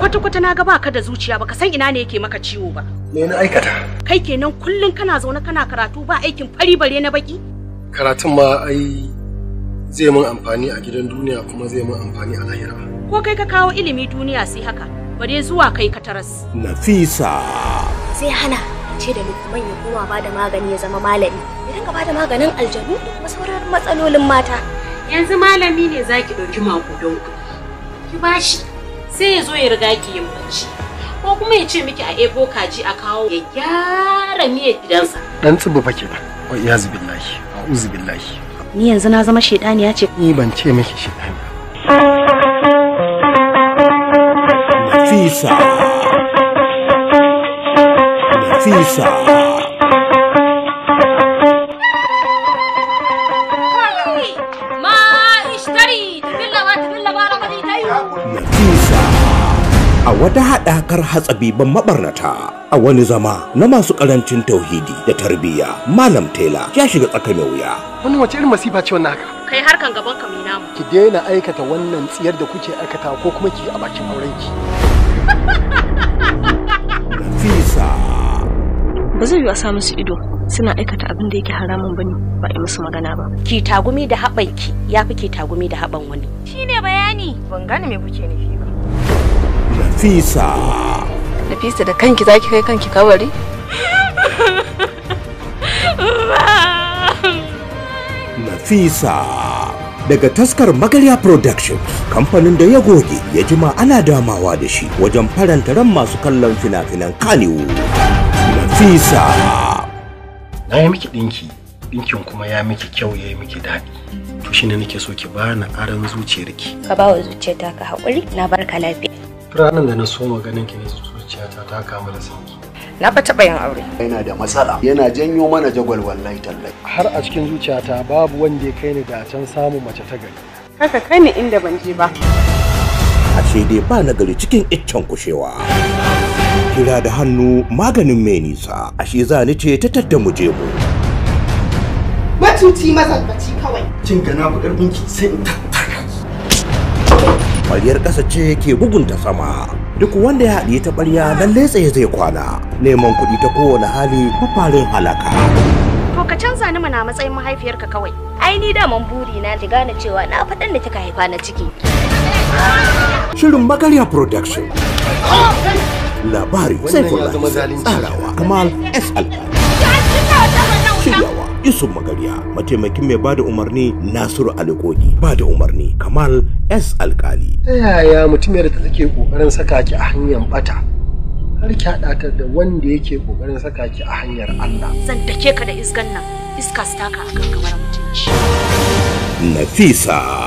kwata-kwata na ga baka da zuciya baka san ina ne yake maka ciwo ba. Me na aikata? Kai kenan kullum kana zaune kana karatu ba aikin fari bare na baki? Karatun ma ai zai mun amfani a gidan duniya kuma zai mun amfani a lahira. Ko kai ka kawo ilimi duniya sai haka, bare zuwa kai ka taras. Nafisa. Sai hana ce da lukman ya koma ba da magani ya zama malami. Ya dinga ba da maganin aljanu da kuma sauran matsalolin mata. Yanzu malami ne zaki ɗauki don ku Ki bashi. sai ya zo ya riga ki yin bacci ko kuma ya ce miki a ebo kaji a kawo ya gyara miyar gidansa dan tsubu fa kenan wa iyazu billahi a'udhu billahi ni yanzu na zama ya ce ni ban ce miki shedani Nafisa Nafisa Yeah. a wata haɗakar hatsabiban mabarnata a wani zama na masu ƙarancin tauhidi da tarbiyya malam tela ya shiga tsakanin wuya wani wace irin masifa ce wannan haka kai harkan gaban ka mai namu ki daina aikata wannan tsiyar da kuke aikata ko kuma ki a bakin aurenki Nafisa ba zai yiwu a sa musu ido suna aikata abin da yake haramun bane ba a musu magana ba ki tagumi da haɓanki ya fi ki tagumi da haɓan wani Shi ne bayani ban gane me kuke nufi Nafisa. Nafisa da kanki zaki kai kanki kawari Nafisa daga taskar Magarya Productions kamfanin da ya goge ya jima ana damawa da shi wajen faranta ran masu kallon fina-finan Kaniwu. Nafisa. Na yi miki ɗinki, ɗinkin kuma ya miki kyau ya yi miki daɗi. To ne nake so ki bani aron zuciyarki. Ka ba wa zuciyarta ka haƙuri na barka lafiya. ranar da na so maganin ki ne zuciyata ta kama da sanki na fa taɓa yin aure yana da matsala yana janyo mana jagwal wallahi tallai har a cikin zuciyata babu wanda ya kai ni da can samu mace ta gari kaka kai ni inda ban je ba ce dai ba na gari cikin iccen kushewa kira da hannu maganin mai nisa ashe za ni ce ta tadda mu je mu matuci mazalbaci kawai kin ga na fi karfin ki sai in tattara. kwaliyar ƙasa ce ke bugunta sama duk wanda ya haɗiye ta ɓarya lalle tsaye zai kwana neman kuɗi ta kowane hali kwafarin halaka to ka canza ni mana matsayin mahaifiyarka kawai ai ni da man buri na ji gane cewa na faɗan da kika haifa na ciki shirin magarya production labari sai kula tsarawa kamal s shiryawa yusuf magariya mataimakin mai bada umarni nasiru alikogi bada umarni kamal s alkali ta yaya mutum da take kokarin saka ki a hanyar bata har ki haɗa ta da wanda yake kokarin saka ki a hanyar allah zan dake ka da iskan nan iska su taka akan kamar mutunci nafisa